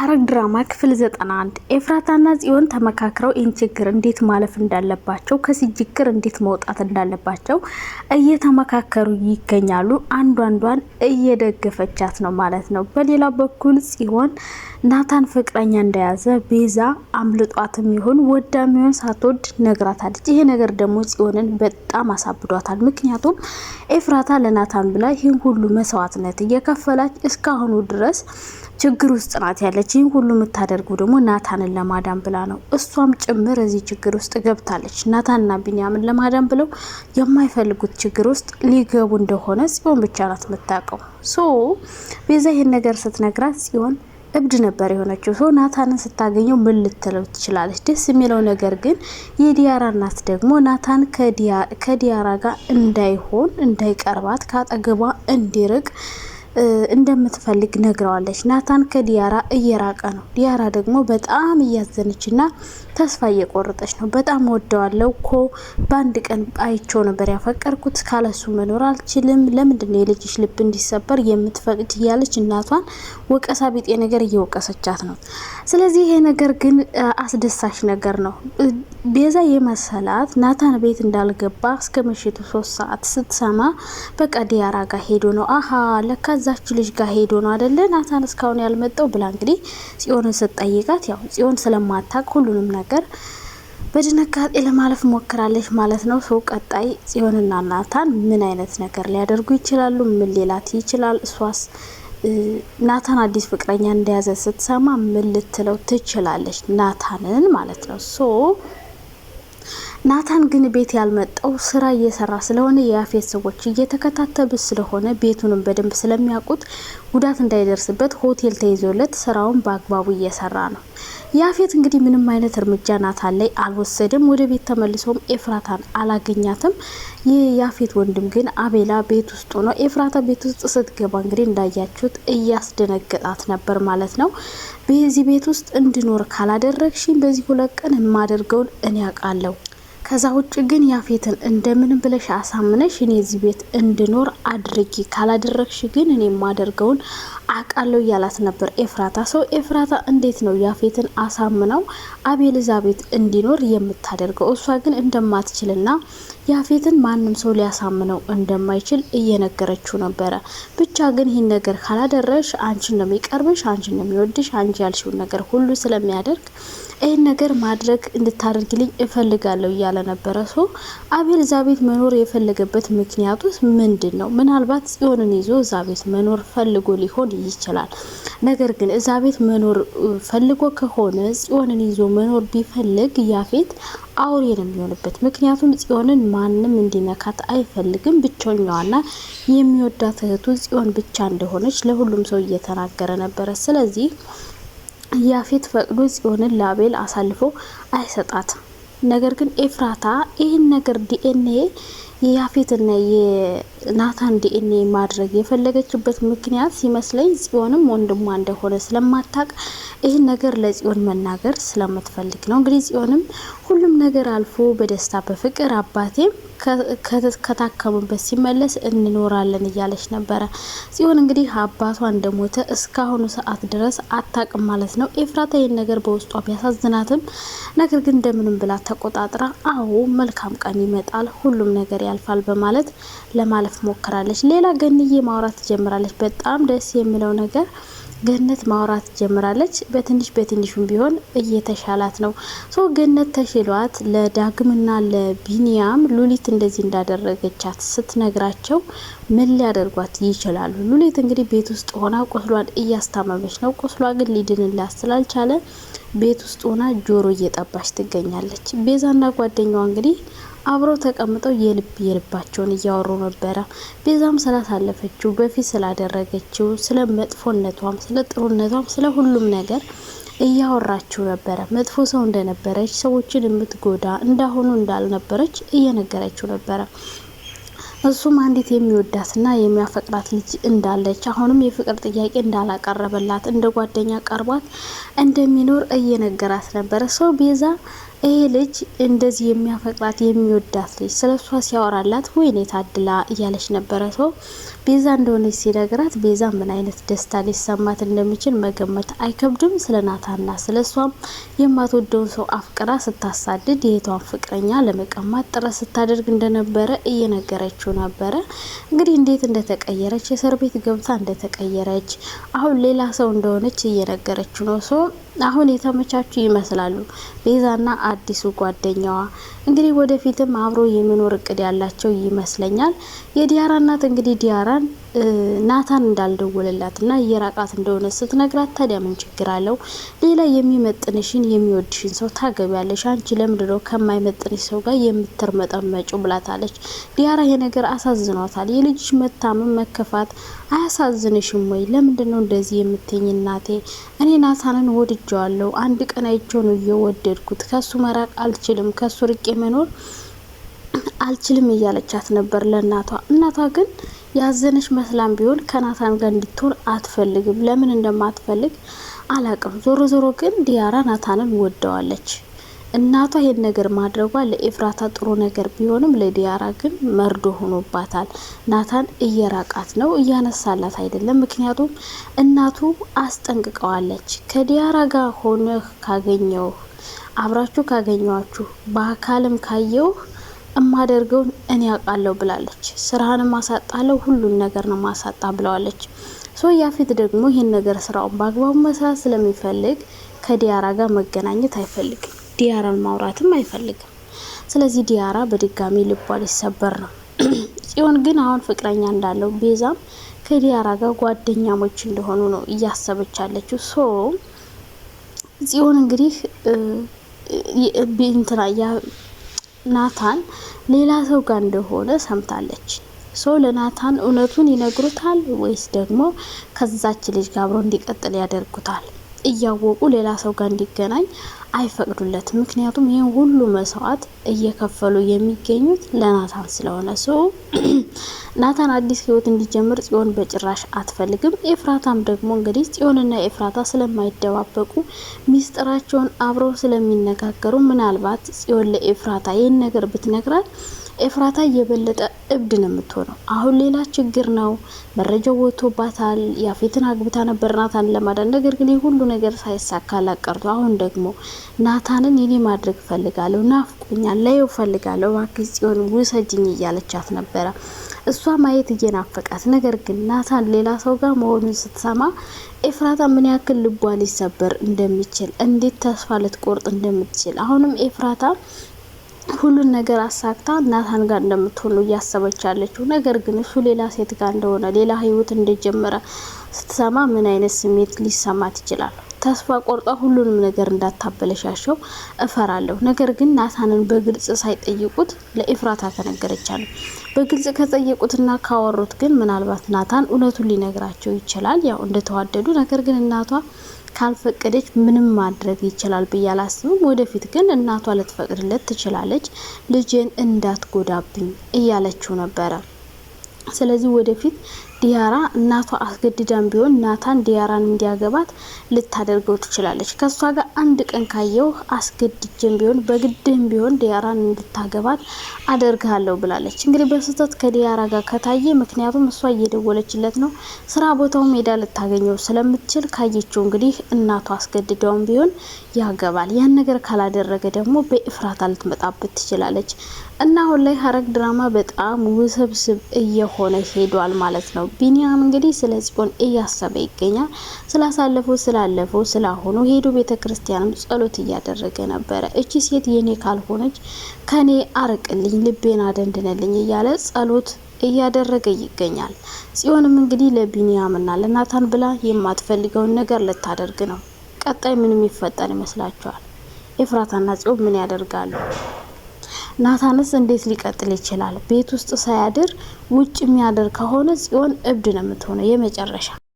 ሐረግ ድራማ ክፍል 91 ኤፍራታና ጽዮን ተመካክረው ይህን ችግር እንዴት ማለፍ እንዳለባቸው ከዚህ ችግር እንዴት መውጣት እንዳለባቸው እየተመካከሩ ይገኛሉ። አንዱ አንዷን እየደገፈቻት ነው ማለት ነው። በሌላ በኩል ጽዮን ናታን ፍቅረኛ እንደያዘ ቤዛ አምልጧትም ይሁን ወዳም ይሆን ሳትወድ ነግራታለች። ይሄ ነገር ደግሞ ጽዮንን በጣም አሳብዷታል። ምክንያቱም ኤፍራታ ለናታን ብላ ይህን ሁሉ መስዋዕትነት እየከፈላች እስካሁኑ ድረስ ችግር ውስጥ ናት ያለች ይህን ሁሉ የምታደርገው ደግሞ ናታንን ለማዳን ብላ ነው። እሷም ጭምር እዚህ ችግር ውስጥ ገብታለች። ናታንና ቢንያምን ለማዳን ብለው የማይፈልጉት ችግር ውስጥ ሊገቡ እንደሆነ ጽዮን ብቻ ናት የምታውቀው። ሶ ቤዛ ይህን ነገር ስትነግራት ጽዮን እብድ ነበር የሆነችው። ሰው ናታንን ስታገኘው ምን ልትለው ትችላለች? ደስ የሚለው ነገር ግን የዲያራ እናት ደግሞ ናታን ከዲያራ ጋር እንዳይሆን እንዳይቀርባት፣ ከአጠገቧ እንዲርቅ እንደምትፈልግ ነግረዋለች። ናታን ከዲያራ እየራቀ ነው። ዲያራ ደግሞ በጣም እያዘነች እና ተስፋ እየቆረጠች ነው። በጣም ወደዋለው እኮ በአንድ ቀን አይቼው ነበር ያፈቀርኩት፣ ካለሱ መኖር አልችልም። ለምንድነው የልጅሽ ልብ እንዲሰበር የምትፈቅድ? እያለች እናቷን ወቀሳ ቢጤ ነገር እየወቀሰቻት ነው። ስለዚህ ይሄ ነገር ግን አስደሳች ነገር ነው። ቤዛ የመሰላት ናታን ቤት እንዳልገባ እስከ ምሽቱ ሶስት ሰዓት ስትሰማ በቃ ዲያራ ጋር ሄዶ ነው አሀ ለካዛ እዛች ልጅ ጋር ሄዶ ነው አደለ ናታን እስካሁን ያልመጣው ብላ እንግዲህ ጽዮንን ስትጠይቃት ያው ጽዮን ስለማታቅ ሁሉንም ነገር በድንጋጤ ለማለፍ ሞክራለች ማለት ነው። ሰው ቀጣይ ጽዮንና ናታን ምን አይነት ነገር ሊያደርጉ ይችላሉ? ምን ሌላት ይችላል? እሷስ ናታን አዲስ ፍቅረኛ እንደያዘ ስትሰማ ምን ልትለው ትችላለች? ናታንን ማለት ነው ሶ ናታን ግን ቤት ያልመጣው ስራ እየሰራ ስለሆነ የያፌት ሰዎች እየተከታተሉ ስለሆነ ቤቱንም በደንብ ስለሚያውቁት ጉዳት እንዳይደርስበት ሆቴል ተይዞለት ስራውን በአግባቡ እየሰራ ነው። ያፌት እንግዲህ ምንም አይነት እርምጃ ናታን ላይ አልወሰድም። ወደ ቤት ተመልሶም ኤፍራታን አላገኛትም። የያፌት ወንድም ግን አቤላ ቤት ውስጡ ነው። ኤፍራታ ቤት ውስጥ ስትገባ እንግዲህ እንዳያችሁት እያስደነገጣት ነበር ማለት ነው። በዚህ ቤት ውስጥ እንድኖር ካላደረግሽኝ በዚህ ሁለት ቀን የማደርገውን እኔ ያውቃለሁ ከዛ ውጭ ግን ያፌትን እንደምንም ብለሽ አሳምነሽ እኔ እዚህ ቤት እንድኖር አድርጊ፣ ካላደረግሽ ግን እኔ የማደርገውን አቃለው እያላት ነበር ኤፍራታ። ሰው ኤፍራታ እንዴት ነው ያፌትን አሳምነው አቤልዛቤት እንዲኖር የምታደርገው? እሷ ግን እንደማትችልና ያፌትን ማንም ሰው ሊያሳምነው እንደማይችል እየነገረችው ነበረ። ብቻ ግን ይህን ነገር ካላደረሽ አንቺ እንደሚቀርብሽ፣ አንቺ እንደሚወድሽ፣ አንቺ ያልሽውን ነገር ሁሉ ስለሚያደርግ ይህን ነገር ማድረግ እንድታደርግልኝ እፈልጋለሁ እያለ ነበረ። ሶ አቤል እዛ ቤት መኖር የፈለገበት ምክንያቱስ ምንድን ነው? ምናልባት ጽዮንን ይዞ እዛ ቤት መኖር ፈልጎ ሊሆን ይችላል። ነገር ግን እዛ ቤት መኖር ፈልጎ ከሆነ ጽዮንን ይዞ መኖር ቢፈልግ ያፌት አውሬ ነው የሚሆንበት። ምክንያቱም ጽዮንን ማንም እንዲነካት አይፈልግም። ብቸኛዋና የሚወዳት እህቱ ጽዮን ብቻ እንደሆነች ለሁሉም ሰው እየተናገረ ነበረ። ስለዚህ ያፌት ፈቅዶ ጽዮንን ላቤል አሳልፎ አይሰጣትም። ነገር ግን ኤፍራታ ይህን ነገር ዲኤንኤ የያፌትና የናታን ዲኤንኤ ማድረግ የፈለገችበት ምክንያት ሲመስለኝ ጽዮንም ወንድሟ እንደሆነ ስለማታቅ ይህን ነገር ለጽዮን መናገር ስለምትፈልግ ነው። እንግዲህ ጽዮንም ነገር አልፎ በደስታ በፍቅር አባቴ ከታከሙበት ሲመለስ እንኖራለን እያለች ነበረ። ሲሆን እንግዲህ አባቷ እንደሞተ እስካሁኑ ሰዓት ድረስ አታቅም ማለት ነው። ኤፍራታ ይህን ነገር በውስጧ ቢያሳዝናትም ነገር ግን እንደምንም ብላ ተቆጣጥራ አዎ መልካም ቀን ይመጣል፣ ሁሉም ነገር ያልፋል በማለት ለማለፍ ሞክራለች። ሌላ ገንዬ ማውራት ትጀምራለች። በጣም ደስ የሚለው ነገር ገነት ማውራት ጀምራለች። በትንሽ በትንሹም ቢሆን እየተሻላት ነው። ሶ ገነት ተሽሏት ለዳግምና ለቢኒያም ሉሊት እንደዚህ እንዳደረገቻት ስትነግራቸው ምን ሊያደርጓት ይችላሉ? ሉሊት እንግዲህ ቤት ውስጥ ሆና ቁስሏን እያስታመመች ነው። ቁስሏ ግን ሊድንላት ስላልቻለ ቤት ውስጥ ሆና ጆሮ እየጠባች ትገኛለች። ቤዛና ጓደኛዋ እንግዲህ አብረው ተቀምጠው የልብ የልባቸውን እያወሩ ነበረ። ቤዛም ስላሳለፈችው በፊት ስላደረገችው፣ ስለ መጥፎነቷም፣ ስለ ጥሩነቷም፣ ስለ ሁሉም ነገር እያወራችው ነበረ። መጥፎ ሰው እንደነበረች፣ ሰዎችን የምትጎዳ እንዳሁኑ እንዳልነበረች እየነገረችው ነበረ። እሱም አንዲት የሚወዳትና የሚያፈቅራት ልጅ እንዳለች አሁንም የፍቅር ጥያቄ እንዳላቀረበላት እንደ ጓደኛ ቀርቧት እንደሚኖር እየነገራት ነበረ። ሰው ቤዛ ይህ ልጅ እንደዚህ የሚያፈቅራት የሚወዳት ልጅ ስለ እሷ ሲያወራላት ወይኔ ታድላ እያለች ነበረ። ሰው ቤዛ እንደሆነች ሲነግራት ቤዛ ምን አይነት ደስታ ሊሰማት እንደሚችል መገመት አይከብድም። ስለ ናታና ስለ እሷም የማትወደውን ሰው አፍቅራ ስታሳድድ የህቷን ፍቅረኛ ለመቀማት ጥረት ስታደርግ እንደነበረ እየነገረችው ነበረ። እንግዲህ እንዴት እንደተቀየረች የእስር ቤት ገብታ እንደተቀየረች አሁን ሌላ ሰው እንደሆነች እየነገረችው ነው ሰው አሁን የተመቻቹ ይመስላሉ ቤዛና አዲሱ ጓደኛዋ። እንግዲህ ወደፊትም አብሮ የመኖር እቅድ ያላቸው ይመስለኛል። የዲያራ እናት እንግዲህ ዲያራን ናታን እንዳልደወለላት እና እየራቃት እንደሆነ ስትነግራት ታዲያ ምን ችግር አለው? ሌላ የሚመጥንሽን የሚወድሽን ሰው ታገቢያለሽ። አንቺ ለምድሮ ከማይመጥንሽ ሰው ጋር የምትርመጠመጪው? ብላታለች። ዲያራ ይሄ ነገር አሳዝኗታል። የልጅሽ መታመም መከፋት አያሳዝንሽም ወይ? ለምንድነው እንደዚህ የምትኝ? እናቴ እኔ ናታንን ወድጀዋለሁ። አንድ ቀን አይቼው ነው እየወደድኩት። ከሱ መራቅ አልችልም። ከሱ ርቄ መኖር አልችልም እያለቻት ነበር ለእናቷ። እናቷ ግን ያዘነች መስላም ቢሆን ከናታን ጋር እንድትሆን አትፈልግም። ለምን እንደማትፈልግ አላቅም። ዞሮ ዞሮ ግን ዲያራ ናታንን ወደዋለች። እናቷ ይሄን ነገር ማድረጓ ለኤፍራታ ጥሩ ነገር ቢሆንም ለዲያራ ግን መርዶ ሆኖባታል። ናታን እየራቃት ነው፣ እያነሳላት አይደለም። ምክንያቱም እናቱ አስጠንቅቀዋለች። ከዲያራ ጋር ሆነህ ካገኘው አብራችሁ ካገኘዋችሁ በአካልም ካየው እማደርገውን እኔ ያውቃለሁ ብላለች። ስራህን ማሳጣለው ሁሉን ነገር ነው ማሳጣ ብለዋለች። ሶ ያፌት ደግሞ ይህን ነገር ስራውን በአግባቡ መስራት ስለሚፈልግ ከዲያራ ጋር መገናኘት አይፈልግም። ዲያራን ማውራትም አይፈልግም። ስለዚህ ዲያራ በድጋሚ ልቧ ሊሰበር ነው። ጽዮን ግን አሁን ፍቅረኛ እንዳለው ቤዛም ከዲያራ ጋር ጓደኛሞች እንደሆኑ ነው እያሰበች ያለችው። ሶ ጽዮን እንግዲህ እንትና ናታን ሌላ ሰው ጋር እንደሆነ ሰምታለች። ሰው ለናታን እውነቱን ይነግሩታል ወይስ ደግሞ ከዛች ልጅ ጋር አብሮ እንዲቀጥል ያደርጉታል? እያወቁ ሌላ ሰው ጋር እንዲገናኝ አይፈቅዱለትም። ምክንያቱም ይህን ሁሉ መስዋዕት እየከፈሉ የሚገኙት ለናታን ስለሆነ ሶ ናታን አዲስ ህይወት እንዲጀምር ጽዮን በጭራሽ አትፈልግም። ኤፍራታም ደግሞ እንግዲህ ጽዮንና ኤፍራታ ስለማይደባበቁ ሚስጥራቸውን አብረው ስለሚነጋገሩ ምናልባት ጽዮን ለኤፍራታ ይህን ነገር ብትነግራት ኤፍራታ የበለጠ እብድ ነው የምትሆነው። አሁን ሌላ ችግር ነው። መረጃው ወጥቶባታል። ያፌትን አግብታ ነበር ናታን ለማዳን። ነገር ግን የሁሉ ነገር ሳይሳካላት ቀርቶ አሁን ደግሞ ናታንን የኔ ማድረግ እፈልጋለሁ፣ ናፍቆኛል፣ ላየው እፈልጋለሁ፣ እባክሽ ጽዮን ውሰጅኝ እያለቻት ነበረ። እሷ ማየት እየናፈቃት ነገር ግን ናታን ሌላ ሰው ጋር መሆኑን ስትሰማ ኤፍራታ ምን ያክል ልቧ ሊሰበር እንደሚችል እንዴት ተስፋ ልትቆርጥ እንደምትችል አሁንም ኤፍራታ ሁሉን ነገር አሳክታ ናታን ጋር እንደምትሆኑ እያሰበች ያለችው ነገር ግን እሱ ሌላ ሴት ጋር እንደሆነ ሌላ ህይወት እንደጀመረ ስትሰማ ምን አይነት ስሜት ሊሰማት ይችላል? ተስፋ ቆርጣ ሁሉንም ነገር እንዳታበለሻሸው እፈራለሁ። ነገር ግን ናታንን በግልጽ ሳይጠይቁት ለኢፍራት ተነገረቻለሁ። በግልጽ ከጠየቁትና ካወሩት ግን ምናልባት ናታን እውነቱን ሊነግራቸው ይችላል። ያው እንደተዋደዱ ነገር ግን እናቷ ካልፈቀደች ምንም ማድረግ ይችላል ብዬ አላስብም። ወደፊት ግን እናቷ ልትፈቅድለት ትችላለች። ልጄን እንዳትጎዳብኝ እያለችው ነበረ። ስለዚህ ወደፊት ዲያራ እናቷ አስገድዳም ቢሆን ናታን ዲያራን እንዲያገባት ልታደርገው ትችላለች። ከእሷ ጋር አንድ ቀን ካየው አስገድጅም ቢሆን በግድህም ቢሆን ዲያራን እንድታገባት አደርግሃለሁ ብላለች። እንግዲህ በስህተት ከዲያራ ጋር ከታየ ምክንያቱም እሷ እየደወለችለት ነው፣ ስራ ቦታው ሜዳ ልታገኘው ስለምትችል ካየችው እንግዲህ እናቷ አስገድደውም ቢሆን ያገባል። ያን ነገር ካላደረገ ደግሞ በኢፍራታ ልትመጣበት ትችላለች። እና አሁን ላይ ሀረግ ድራማ በጣም ውስብስብ እየሆነ ሄዷል ማለት ነው። ቢኒያም እንግዲህ ስለ ጽዮን እያሰበ ይገኛል። ስላሳለፉ ስላለፉ ስላሆኑ ሄዱ ቤተ ክርስቲያንም ጸሎት እያደረገ ነበረ። እቺ ሴት የኔ ካልሆነች ከኔ አርቅልኝ፣ ልቤን አደንድነልኝ እያለ ጸሎት እያደረገ ይገኛል። ጽዮንም እንግዲህ ለቢኒያምና ለናታን ብላ የማትፈልገውን ነገር ልታደርግ ነው። ቀጣይ ምንም ይፈጠር ይመስላችኋል? ኤፍራታና ጽዮን ምን ያደርጋሉ? ናታንስ እንዴት ሊቀጥል ይችላል? ቤት ውስጥ ሳያድር ውጭ የሚያድር ከሆነ ጽዮን እብድ ነው የምትሆነው የመጨረሻ